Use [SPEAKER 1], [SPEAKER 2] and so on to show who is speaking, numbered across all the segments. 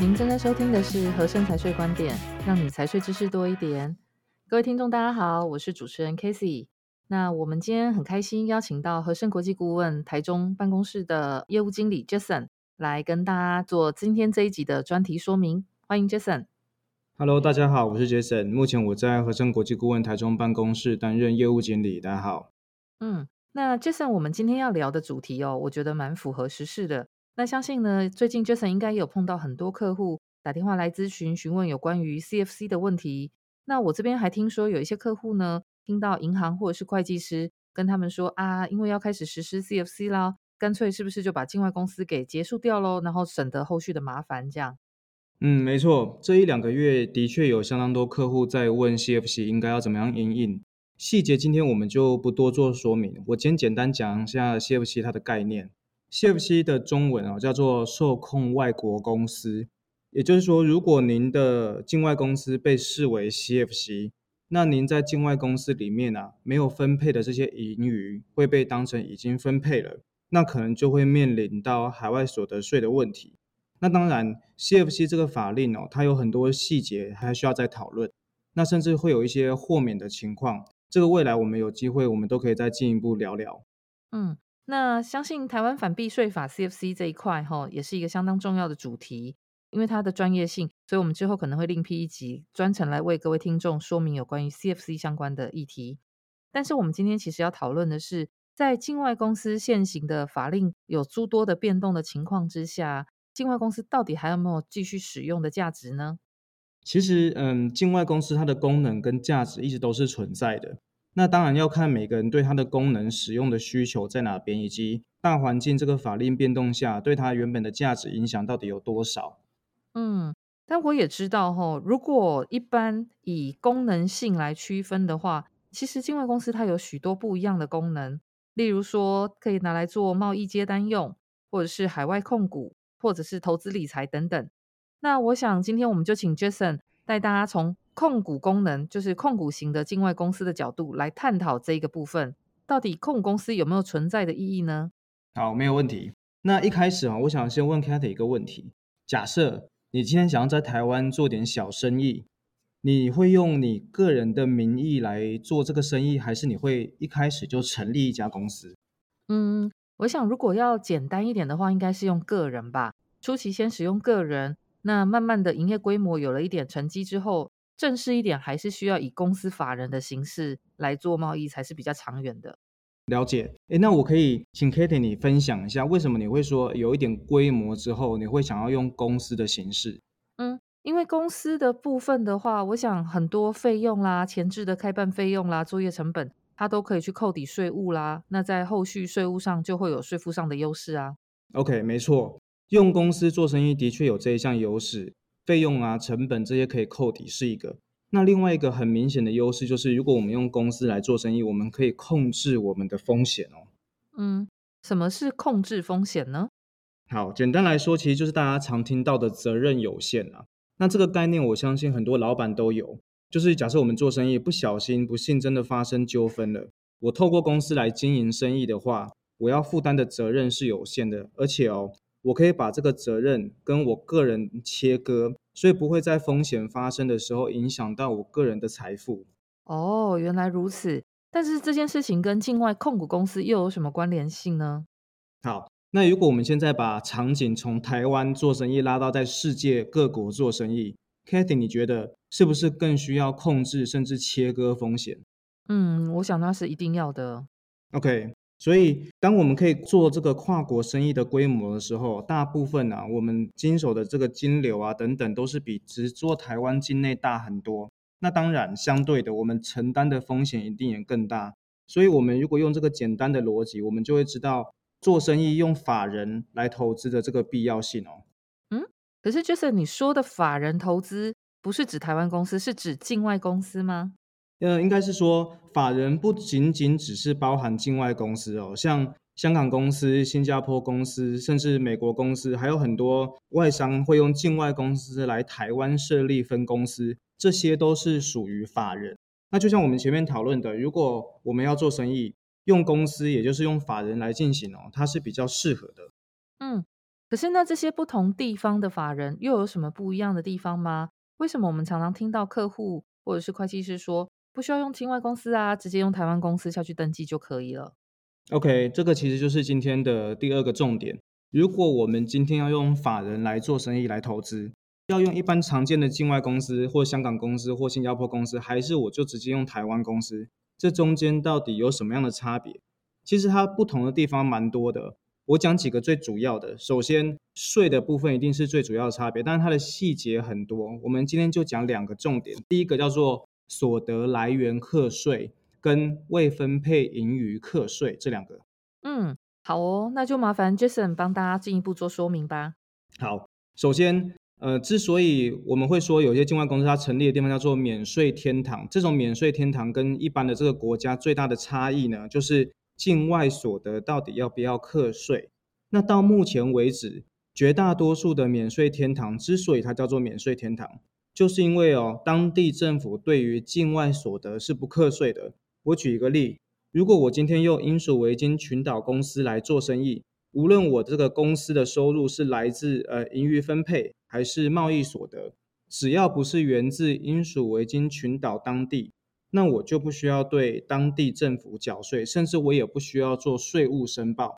[SPEAKER 1] 您正在收聽的是荷盛財稅觀點，讓你財稅知識多一點。各位聽眾，大家好，我是主持人 Casey。那我們今天很開心邀請到荷盛國際顧問台中辦公室的業務經理 Jason 來跟大家做今天這一集的專題說明。歡迎 Jason。
[SPEAKER 2] Hello，大家好，我是 Jason。目前我在荷盛國際顧問台中辦公室擔任業務經理。大家好。
[SPEAKER 1] 嗯，那 Jason，我們今天要聊的主題哦，我覺得蠻符合時事的。那相信呢，最近 Jason 應該也有碰到很多客戶打電話來諮詢，詢問有關於 CFC 的問題。那我這邊還聽說有一些客戶呢，聽到銀行或者是會計師跟他們說啊，因為要開始實施 CFC 啦，乾脆是不是就把境外公司給結束掉咯，然後省得後續的麻煩這樣。
[SPEAKER 2] 嗯，沒錯，這一兩個月的確有相當多客戶在問 CFC 應該要怎麼樣因應。細節今天我們就不多做說明。我先簡單講一下 CFC 它的概念。CFC 的中文哦，叫做受控外國公司，也就是說，如果您的境外公司被視為 CFC，那您在境外公司裡面啊，沒有分配的這些盈餘會被當成已經分配了，那可能就會面臨到海外所得稅的問題。那當然，CFC 這個法令哦，它有很多細節還需要再討論，那甚至會有一些豁免的情況。這個未來我們有機會，我們都可以再進一步聊聊。
[SPEAKER 1] 嗯。那相信台灣反避稅法 CFC 這一塊哈，也是一個相當重要的主題，因為它的專業性，所以我們之後可能會另闢一集，專程來為各位聽眾說明有關於 CFC 相關的議題。但是我們今天其實要討論的是，在境外公司現行的法令有諸多的變動的情況之下，境外公司到底還有沒有繼續使用的價值呢？
[SPEAKER 2] 其實，嗯，境外公司它的功能跟價值一直都是存在的。那當然要看每個人對它的功能使用的需求在哪邊，以及大環境這個法令變動下，對它原本的價值影響到底有多少。
[SPEAKER 1] 嗯，但我也知道，哦，如果一般以功能性來區分的話，其實境外公司它有許多不一樣的功能，例如說可以拿來做貿易接單用，或者是海外控股，或者是投資理財等等。那我想今天我們就請 Jason 帶大家從控股功能就是控股型的境外公司的角度來探討這一個部分，到底控股公司有沒有存在的意義呢？
[SPEAKER 2] 好，沒有問題。那一開始啊，我想先問 Kate 一個問題：假設你今天想要在台灣做點小生意，你會用你個人的名義來做這個生意，還是你會一開始就成立一家公司？
[SPEAKER 1] 嗯，我想如果要簡單一點的話，應該是用個人吧。初期先使用個人，那慢慢的營業規模有了一點成績之後。正式一點，還是需要以公司法人的形式來做貿易，才是比較長遠的。
[SPEAKER 2] 了解。誒，那我可以請 Katie 你分享一下，為什麼你會說有一點規模之後，你會想要用公司的形式？
[SPEAKER 1] 嗯，因為公司的部分的話，我想很多費用啦，前置的開辦費用啦，作業成本，它都可以去扣抵稅務啦，那在後續稅務上就會有稅負上的優勢啊。
[SPEAKER 2] OK，沒錯，用公司做生意的確有這一項優勢。費用啊，成本這些可以扣抵是一個。那另外一個很明顯的優勢就是，如果我們用公司來做生意，我們可以控制我們的風險哦。嗯，
[SPEAKER 1] 什麼是控制風險呢？
[SPEAKER 2] 好，簡單來說，其實就是大家常聽到的責任有限啦、啊。那這個概念，我相信很多老板都有。就是假設我們做生意不小心、不幸真的發生糾紛了，我透過公司來經營生意的話，我要負擔的責任是有限的，而且哦。我可以把這個責任跟我個人切割，所以不會在風險發生的時候影響到我個人的財富。
[SPEAKER 1] 哦，oh, 原來如此。但是這件事情跟境外控股公司又有什麼關聯性呢？
[SPEAKER 2] 好，那如果我們現在把場景從台灣做生意拉到在世界各國做生意，Cathy，你覺得是不是更需要控制甚至切割風險？
[SPEAKER 1] 嗯，我想那是一定要的。
[SPEAKER 2] OK。所以，當我們可以做這個跨國生意的規模的時候，大部分呢、啊，我們經手的這個金流啊等等，都是比只做台灣境內大很多。那當然，相對的，我們承擔的風險一定也更大。所以，我們如果用這個簡單的邏輯，我們就會知道做生意用法人來投資的這個必要性哦。嗯，
[SPEAKER 1] 可是 Jason 你說的法人投資不是指台灣公司，是指境外公司嗎？
[SPEAKER 2] 那應該是說，法人不僅僅只是包含境外公司哦，像香港公司、新加坡公司，甚至美國公司，還有很多外商會用境外公司來台灣設立分公司，這些都是屬於法人。那就像我們前面討論的，如果我們要做生意，用公司也就是用法人來進行哦，它是比較適合的。
[SPEAKER 1] 嗯，可是那這些不同地方的法人又有什麼不一樣的地方嗎？為什麼我們常常聽到客戶或者是會計師說，不需要用境外公司啊，直接用台灣公司下去登記就可以了。
[SPEAKER 2] OK，這個其實就是今天的第二個重點。如果我們今天要用法人來做生意，來投資，要用一般常見的境外公司，或香港公司，或新加坡公司，還是我就直接用台灣公司？這中間到底有什麼樣的差別？其實它不同的地方蠻多的。我講幾個最主要的，首先稅的部分一定是最主要的差別，但是它的細節很多。我們今天就講兩個重點，第一個叫做……所得來源課稅跟未分配盈餘課稅，這兩個。
[SPEAKER 1] 嗯，好哦，那就麻煩 Jason 幫大家進一步做說明吧。
[SPEAKER 2] 好，首先，呃，之所以我們會說有些境外公司它成立的地方叫做免稅天堂，這種免稅天堂跟一般的這個國家最大的差異呢，就是境外所得到底要不要課稅。那到目前為止，絕大多數的免稅天堂之所以它叫做免稅天堂。就是因為哦，當地政府對於境外所得是不課稅的。我舉一個例，如果我今天用英屬維京群島公司來做生意，無論我這個公司的收入是來自呃盈餘分配還是貿易所得，只要不是源自英屬維京群島當地，那我就不需要對當地政府繳稅，甚至我也不需要做稅務申報。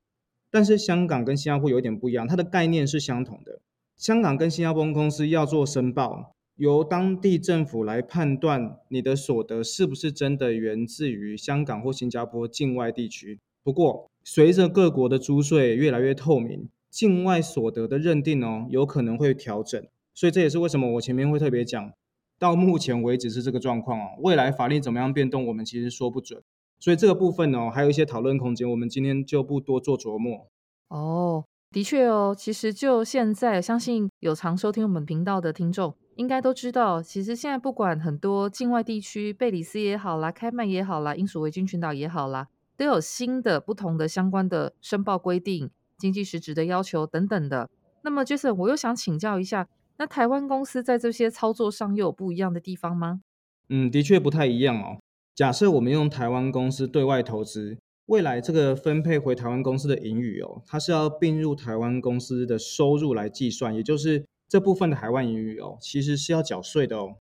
[SPEAKER 2] 但是香港跟新加坡有點不一樣，它的概念是相同的。香港跟新加坡公司要做申報。由當地政府來判斷你的所得是不是真的源自於香港或新加坡境外地區。不過，隨着各國的租稅越來越透明，境外所得的認定哦，有可能會調整。所以這也是為什麼我前面會特別講，到目前為止是這個狀況啊、哦。未來法律怎麼樣變動，我們其實說不準。所以這個部分哦，還有一些討論空間，我們今天就不多做琢磨
[SPEAKER 1] 哦。Oh. 的確哦，其實就現在，相信有常收聽我們頻道的聽眾應該都知道，其實現在不管很多境外地區，貝里斯也好啦，開曼也好啦，英屬維京群島也好啦，都有新的不同的相關的申報規定、經濟實質的要求等等的。那麼，Jason，我又想請教一下，那台灣公司在這些操作上又有不一樣的地方嗎？嗯，
[SPEAKER 2] 的確不太一樣哦。假設我們用台灣公司對外投資。未來這個分配回台灣公司的盈餘哦，它是要併入台灣公司的收入來計算，也就是這部分的台灣盈餘哦，其實是要繳稅的哦。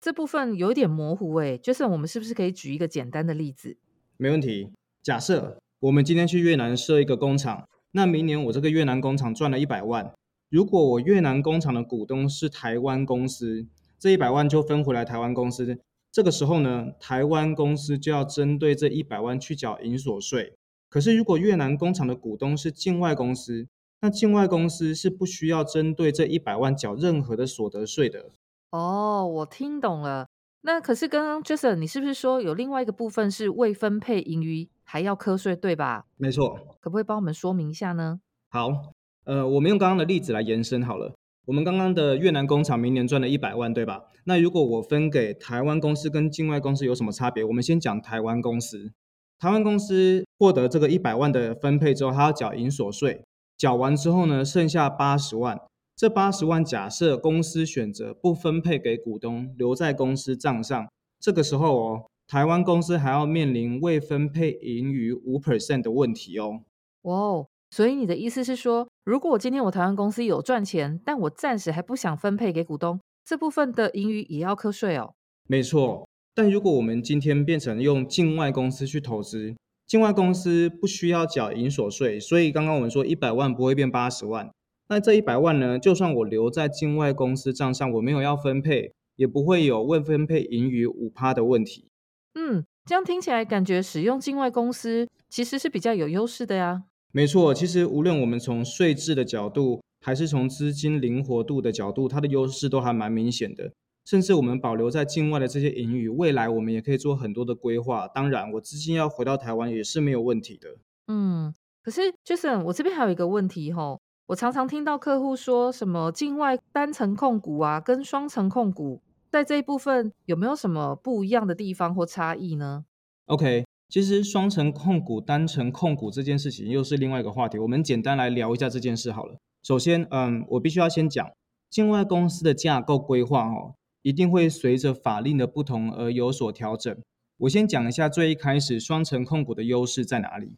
[SPEAKER 2] 這部分有點
[SPEAKER 1] 模糊哎，Jason，我們是不是可以舉一個簡單的例子？
[SPEAKER 2] 沒問題。假設我們今天去越南設一個工廠，那明年我這個越南工廠賺了一百萬，如果我越南工廠的股東是台灣公司，這一百萬就分回來台灣公司。這個時候呢，台灣公司就要針對這一百萬去繳營所稅。可是，如果越南工廠的股東是境外公司，那境外公司是不需要針對這一百萬繳任何的所得稅的。
[SPEAKER 1] 哦，我聽懂了。那可是剛剛 Jason，你是不是說有另外一個部分是未分配盈餘還要課稅，對吧？沒錯。可不可以幫我們說明一下呢？
[SPEAKER 2] 好，呃，我們用剛剛的例子來延伸好了。我們剛剛的越南工廠明年賺了一百萬，對吧？那如果我分給台灣公司跟境外公司有什麼差別？我們先講台灣公司。台灣公司獲得這個一百萬的分配之後，還要繳營所稅。繳完之後呢，剩下八十萬。這八十萬假設公司選擇不分配給股東，留在公司賬上，這個時候哦，台灣公司還要面臨未分配盈餘五 percent 的問題哦。
[SPEAKER 1] 哇哦，所以你的意思是說？如果我今天我台灣公司有賺錢，但我暫時還不想分配給股東，這部分的盈餘也要課稅哦。
[SPEAKER 2] 沒錯，但如果我們今天變成用境外公司去投資，境外公司不需要繳營所稅，所以剛剛我們說一百萬不會變八十萬。那這一百萬呢？就算我留在境外公司賬上，我沒有要分配，也不會有未分配盈餘五趴的問題。
[SPEAKER 1] 嗯，這樣聽起來感覺使用境外公司其實是比較有優勢的呀。
[SPEAKER 2] 沒錯，其實無論我們從稅制的角度，還是從資金靈活度的角度，它的優勢都還蠻明顯的。甚至我們保留在境外的這些盈餘，未來我們也可以做很多的規劃。當然，我資金要回到台灣也是沒有問題的。
[SPEAKER 1] 嗯，可是 Jason，我這邊還有一個問題哈、哦，我常常聽到客戶說什麼境外單層控股啊，跟雙層控股，在這一部分有沒有什麼不一樣的地方或差異呢
[SPEAKER 2] ？OK。其實雙層控股、單層控股這件事情又是另外一個話題，我們簡單來聊一下這件事好了。首先，嗯，我必須要先講，境外公司的架構規劃哦，一定會隨着法令的不同而有所調整。我先講一下最一開始雙層控股的優勢在哪裡。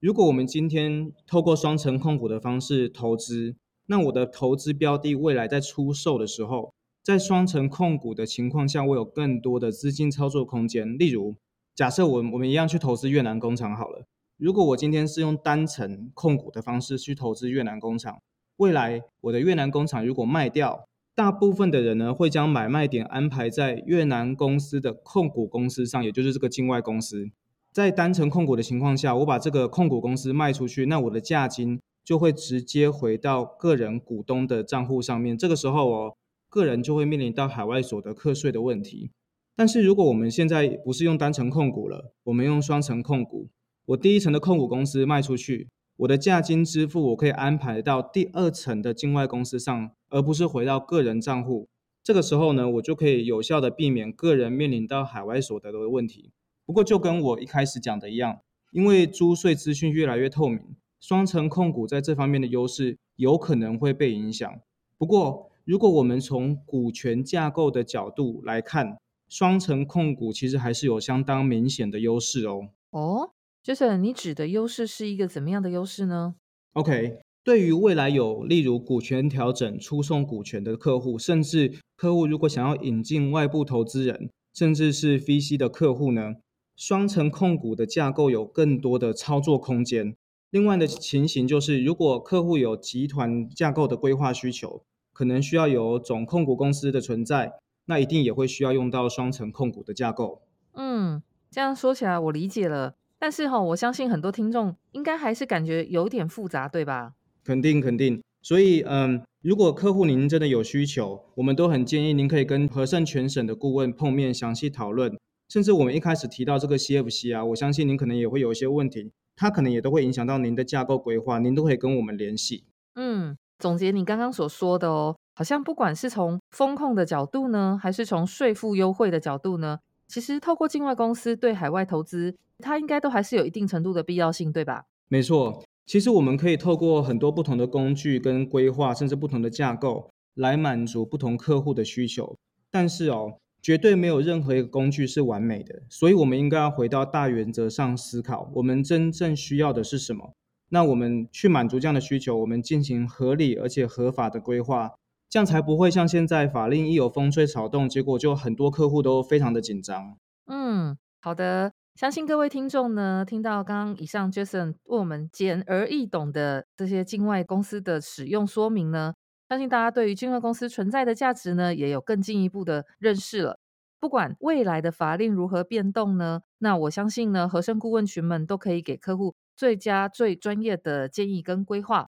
[SPEAKER 2] 如果我們今天透過雙層控股的方式投資，那我的投資標的未來在出售的時候，在雙層控股的情況下，我有更多的資金操作空間，例如。假設我們我們一樣去投資越南工廠好了。如果我今天是用單層控股的方式去投資越南工廠，未來我的越南工廠如果賣掉，大部分的人呢，會將買賣點安排在越南公司的控股公司上，也就是這個境外公司。在單層控股的情況下，我把這個控股公司賣出去，那我的價金就會直接回到個人股東的賬戶上面。這個時候哦，個人就會面臨到海外所得課稅的問題。但是，如果我們現在不是用單層控股了，我們用雙層控股，我第一層的控股公司賣出去，我的價金支付我可以安排到第二層的境外公司上，而不是回到個人賬戶。這個時候呢，我就可以有效地避免個人面臨到海外所得的問題。不過，就跟我一開始講的一樣，因為租稅資訊越來越透明，雙層控股在這方面的優勢有可能會被影響。不過，如果我們從股權架構的角度來看，雙層控股其實還是有相當明顯的優勢哦。哦
[SPEAKER 1] ，oh，Jason，你指的優勢是一個怎麼樣的優勢呢
[SPEAKER 2] ？OK，對於未來有例如股權調整、出售股權的客戶，甚至客戶如果想要引進外部投資人，甚至是 VC 的客戶呢，雙層控股的架構有更多的操作空間。另外的情形就是，如果客戶有集團架,架構的規劃需求，可能需要有總控股公司的存在。那一定也會需要用到雙層控股的架構。
[SPEAKER 1] 嗯，這樣說起來我理解了，但是哈，我相信很多聽眾應該還是感覺有點複雜，對吧？
[SPEAKER 2] 肯定肯定。所以嗯，如果客戶您真的有需求，我們都很建議您可以跟荷盛全省的顧問碰面詳細討論。甚至我們一開始提到這個 CFC 啊，我相信您可能也會有一些問題，它可能也都會影響到您的架構規劃，您都可以跟我們聯繫。
[SPEAKER 1] 嗯。總結你剛剛所說的哦，好像不管是從風控的角度呢，還是從稅負優惠的角度呢，其實透過境外公司對海外投資，它應該都還是有一定程度的必要性，對吧？
[SPEAKER 2] 沒錯，其實我們可以透過很多不同的工具跟規劃，甚至不同的架構來滿足不同客戶的需求。但是哦，絕對沒有任何一個工具是完美的，所以我們應該要回到大原則上思考，我們真正需要的是什麼。那我們去滿足這樣的需求，我們進行合理而且合法的規劃，這樣才不會像現在法令一有風吹草動，結果就很多客戶都非常的緊張。
[SPEAKER 1] 嗯，好的，相信各位聽眾呢，聽到剛剛以上 Jason 為我們簡而易懂的這些境外公司的使用說明呢，相信大家對於境外公司存在的價值呢，也有更進一步的認識了。不管未來的法令如何變動呢，那我相信呢，荷盛顧問群們都可以給客戶，最佳最專業的建議跟規劃。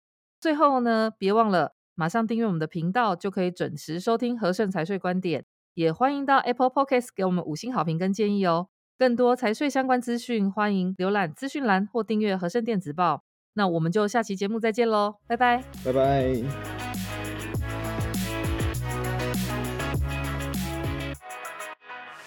[SPEAKER 1] 最後呢，別忘了馬上訂閱我們的頻道，就可以準時收聽荷盛財稅觀點。也歡迎到 Apple Podcast 給我們五星好評跟建議哦。更多財稅相關資訊，歡迎瀏覽資訊欄或訂閱荷盛電子報。那我們就下期節目再見嘍，拜拜，
[SPEAKER 2] 拜拜。